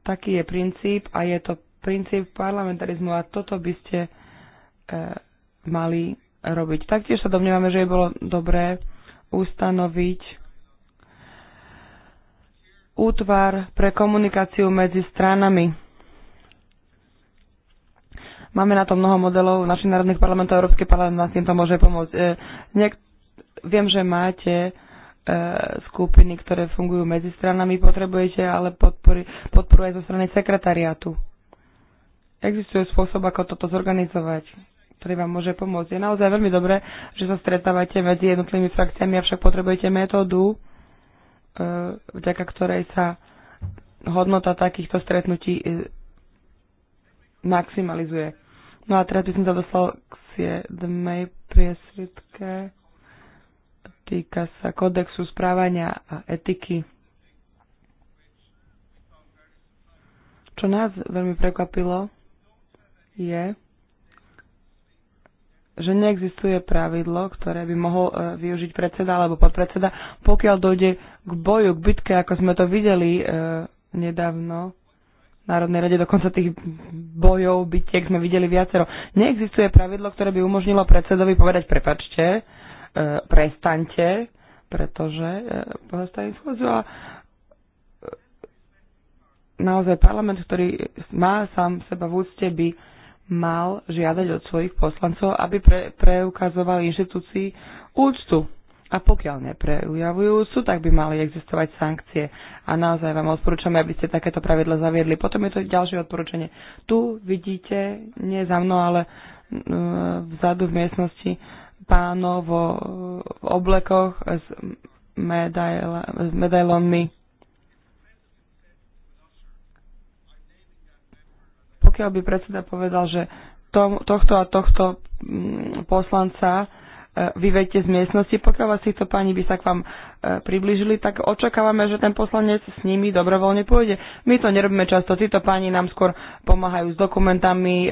taký je princíp a je to princíp parlamentarizmu a toto by ste e, mali robiť. Taktiež sa domnievame, že je bolo dobré ustanoviť útvar pre komunikáciu medzi stranami. Máme na to mnoho modelov našich národných parlamentov, Európsky parlament nás týmto môže pomôcť. E, niek- viem, že máte e, skupiny, ktoré fungujú medzi stranami, potrebujete ale podpory, podporu aj zo strany sekretariátu existuje spôsob, ako toto zorganizovať, ktorý vám môže pomôcť. Je naozaj veľmi dobré, že sa stretávate medzi jednotlivými frakciami, avšak potrebujete metódu, e, vďaka ktorej sa hodnota takýchto stretnutí e, maximalizuje. No a teraz by som sa dostal k siedmej priesvitke. Týka sa kodexu správania a etiky. Čo nás veľmi prekvapilo, je, že neexistuje pravidlo, ktoré by mohol e, využiť predseda alebo podpredseda, pokiaľ dojde k boju, k bitke, ako sme to videli e, nedávno Národnej rade, dokonca tých bojov, bitiek sme videli viacero. Neexistuje pravidlo, ktoré by umožnilo predsedovi povedať prepačte, e, prestaňte, pretože e, pozastavím schôdzu a e, naozaj parlament, ktorý má sám seba v úcte, by mal žiadať od svojich poslancov, aby pre, preukazovali inštitúcii úctu. A pokiaľ nepreujavujú sú, tak by mali existovať sankcie. A naozaj vám odporúčame, aby ste takéto pravidla zaviedli. Potom je to ďalšie odporúčanie. Tu vidíte, nie za mnou, ale mm, vzadu v miestnosti pánov vo, v oblekoch s, medail, pokiaľ by predseda povedal, že tom, tohto a tohto mm, poslanca e, vyvedte z miestnosti, pokiaľ vás týchto pani by sa k vám e, priblížili, tak očakávame, že ten poslanec s nimi dobrovoľne pôjde. My to nerobíme často, títo pani nám skôr pomáhajú s dokumentami, e,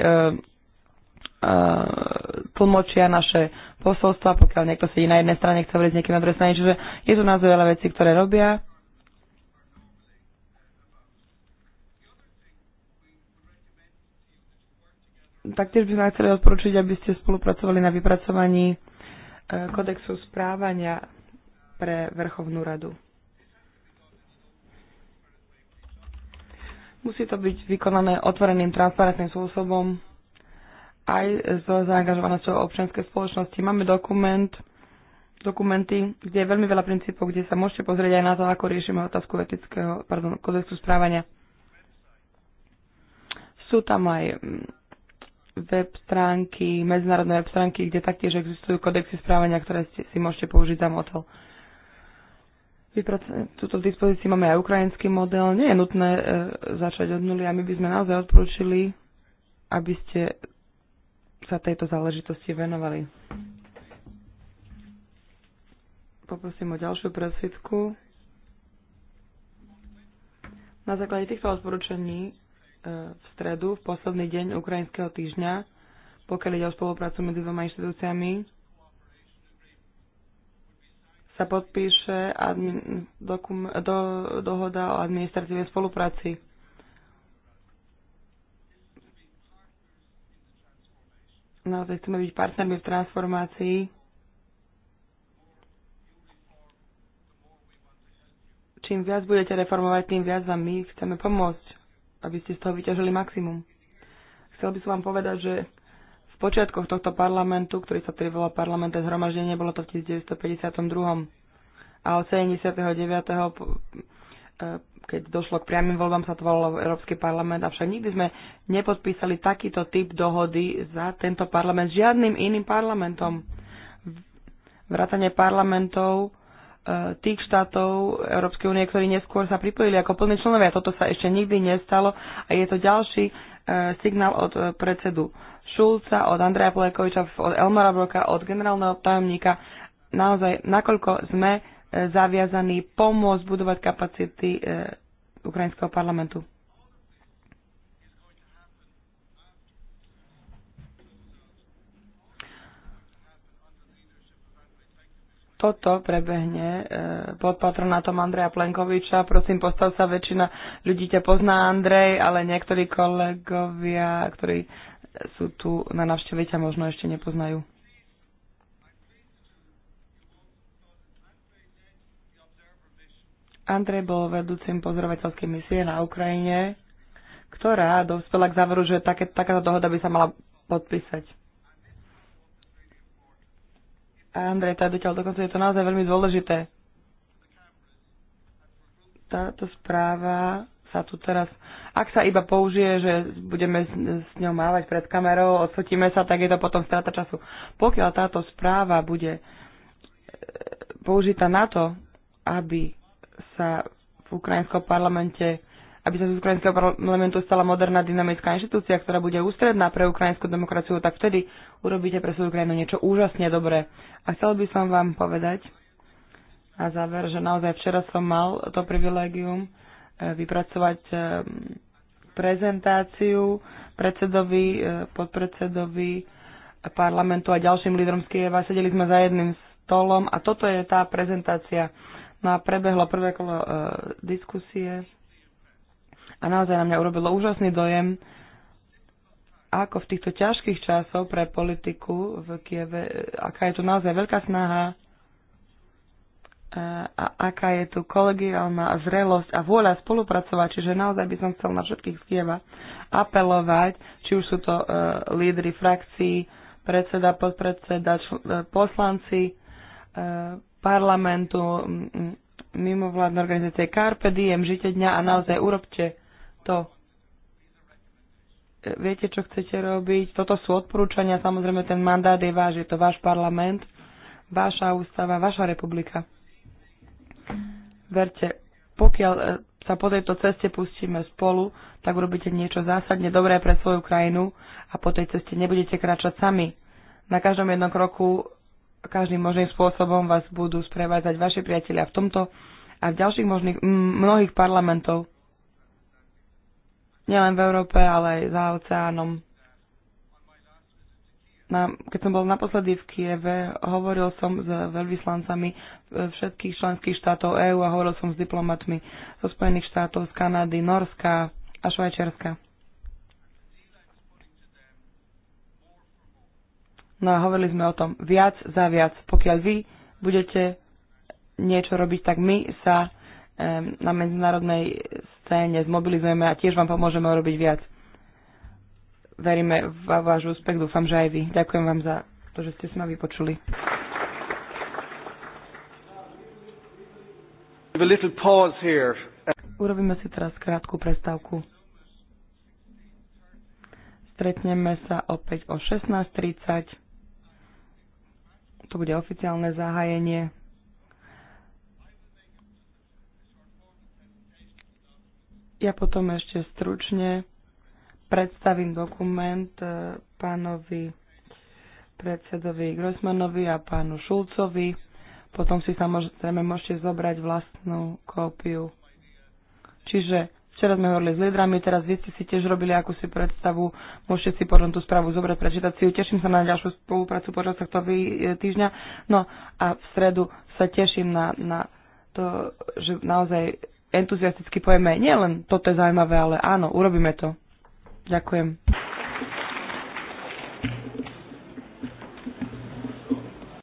tlmočia naše posolstva, pokiaľ niekto sedí na jednej strane, chce hovoriť s niekým na druhej strane, čiže je tu nás veľa vecí, ktoré robia Taktiež by sme chceli odporučiť, aby ste spolupracovali na vypracovaní e, kodexu správania pre Vrchovnú radu. Musí to byť vykonané otvoreným, transparentným spôsobom aj s zaangažovanosťou občianskej spoločnosti. Máme dokument, dokumenty, kde je veľmi veľa princípov, kde sa môžete pozrieť aj na to, ako riešime otázku etického, pardon, kodexu správania. Sú tam aj mm, web stránky, medzinárodné web stránky, kde taktiež existujú kodexy správania, ktoré si môžete použiť za model. Tuto v dispozícii máme aj ukrajinský model. Nie je nutné e, začať od nuly a my by sme naozaj odporúčili, aby ste sa tejto záležitosti venovali. Poprosím o ďalšiu presvitku. Na základe týchto odporúčaní E, v stredu, v posledný deň ukrajinského týždňa, pokiaľ ide o spoluprácu medzi dvoma inštitúciami, sa podpíše admin, dokum, do, dohoda o administratívnej spolupráci. Naozaj chceme byť partnermi v transformácii. Čím viac budete reformovať, tým viac vám my chceme pomôcť aby ste z toho vyťažili maximum. Chcel by som vám povedať, že v počiatkoch tohto parlamentu, ktorý sa tedy volal parlamentné zhromaždenie, bolo to v 1952. A od 79. E, keď došlo k priamým voľbám, sa to volalo Európsky parlament, avšak nikdy sme nepodpísali takýto typ dohody za tento parlament s žiadnym iným parlamentom. Vrátanie parlamentov Eh, tých štátov Európskej únie, ktorí neskôr sa pripojili ako plní členovia. Toto sa ešte nikdy nestalo a je to ďalší eh, signál od eh, predsedu Šulca, od Andreja Polekoviča, od Elmara Broka, od generálneho tajomníka, naozaj, nakoľko sme zaviazaní pomôcť budovať kapacity ukrajinského parlamentu. toto prebehne e, pod patronátom Andreja Plenkoviča. Prosím, postav sa väčšina ľudí ťa pozná, Andrej, ale niektorí kolegovia, ktorí sú tu na návšteve, ťa možno ešte nepoznajú. Andrej bol vedúcim pozorovateľskej misie na Ukrajine, ktorá dospela k záveru, že také, takáto dohoda by sa mala podpísať. Andrej Taditeľ, dokonca je to naozaj veľmi dôležité. Táto správa sa tu teraz, ak sa iba použije, že budeme s, s ňou mávať pred kamerou, odfotíme sa, tak je to potom strata času. Pokiaľ táto správa bude e, použitá na to, aby sa v ukrajinskom parlamente aby sa z ukrajinského parlamentu stala moderná dynamická inštitúcia, ktorá bude ústredná pre ukrajinskú demokraciu, tak vtedy urobíte pre svoju krajinu niečo úžasne dobré. A chcel by som vám povedať na záver, že naozaj včera som mal to privilégium e, vypracovať e, prezentáciu predsedovi, e, podpredsedovi parlamentu a ďalším lídrom z Kieva. Sedeli sme za jedným stolom a toto je tá prezentácia. No a prebehlo prvé kolo e, diskusie a naozaj na mňa urobilo úžasný dojem ako v týchto ťažkých časov pre politiku v Kieve, e, aká je tu naozaj veľká snaha e, a aká je tu kolegiálna zrelosť a vôľa spolupracovať. Čiže naozaj by som chcel na všetkých z Kieva apelovať, či už sú to uh, lídry frakcií, predseda, podpredseda, čl- poslanci uh, parlamentu, m- m- mimovládne organizácie Carpe Diem, žite dňa a naozaj urobte to viete, čo chcete robiť. Toto sú odporúčania, samozrejme ten mandát je váš, je to váš parlament, váša ústava, vaša republika. Verte, pokiaľ e, sa po tejto ceste pustíme spolu, tak urobíte niečo zásadne dobré pre svoju krajinu a po tej ceste nebudete kráčať sami. Na každom jednom kroku každým možným spôsobom vás budú sprevádzať vaši priatelia v tomto a v ďalších možných, mnohých parlamentov nielen v Európe, ale aj za oceánom. Na, keď som bol naposledy v Kieve, hovoril som s veľvyslancami všetkých členských štátov EÚ a hovoril som s diplomatmi zo Spojených štátov, z Kanady, Norska a Švajčiarska. No a hovorili sme o tom viac za viac. Pokiaľ vy budete niečo robiť, tak my sa na medzinárodnej scéne zmobilizujeme a tiež vám pomôžeme urobiť viac. Veríme v váš úspech, dúfam, že aj vy. Ďakujem vám za to, že ste si ma vypočuli. Urobíme si teraz krátku prestávku. Stretneme sa opäť o 16.30. To bude oficiálne zahájenie. Ja potom ešte stručne predstavím dokument e, pánovi predsedovi Grossmanovi a pánu Šulcovi. Potom si samozrejme môžete zobrať vlastnú kópiu. Čiže včera sme hovorili s lídrami, teraz vy ste si tiež robili akúsi predstavu, môžete si potom tú správu zobrať, prečítať si ju. Teším sa na ďalšiu spoluprácu počas tohto e, týždňa. No a v stredu sa teším na, na to, že naozaj entuziasticky povieme, len toto je zaujímavé, ale áno, urobíme to. Ďakujem.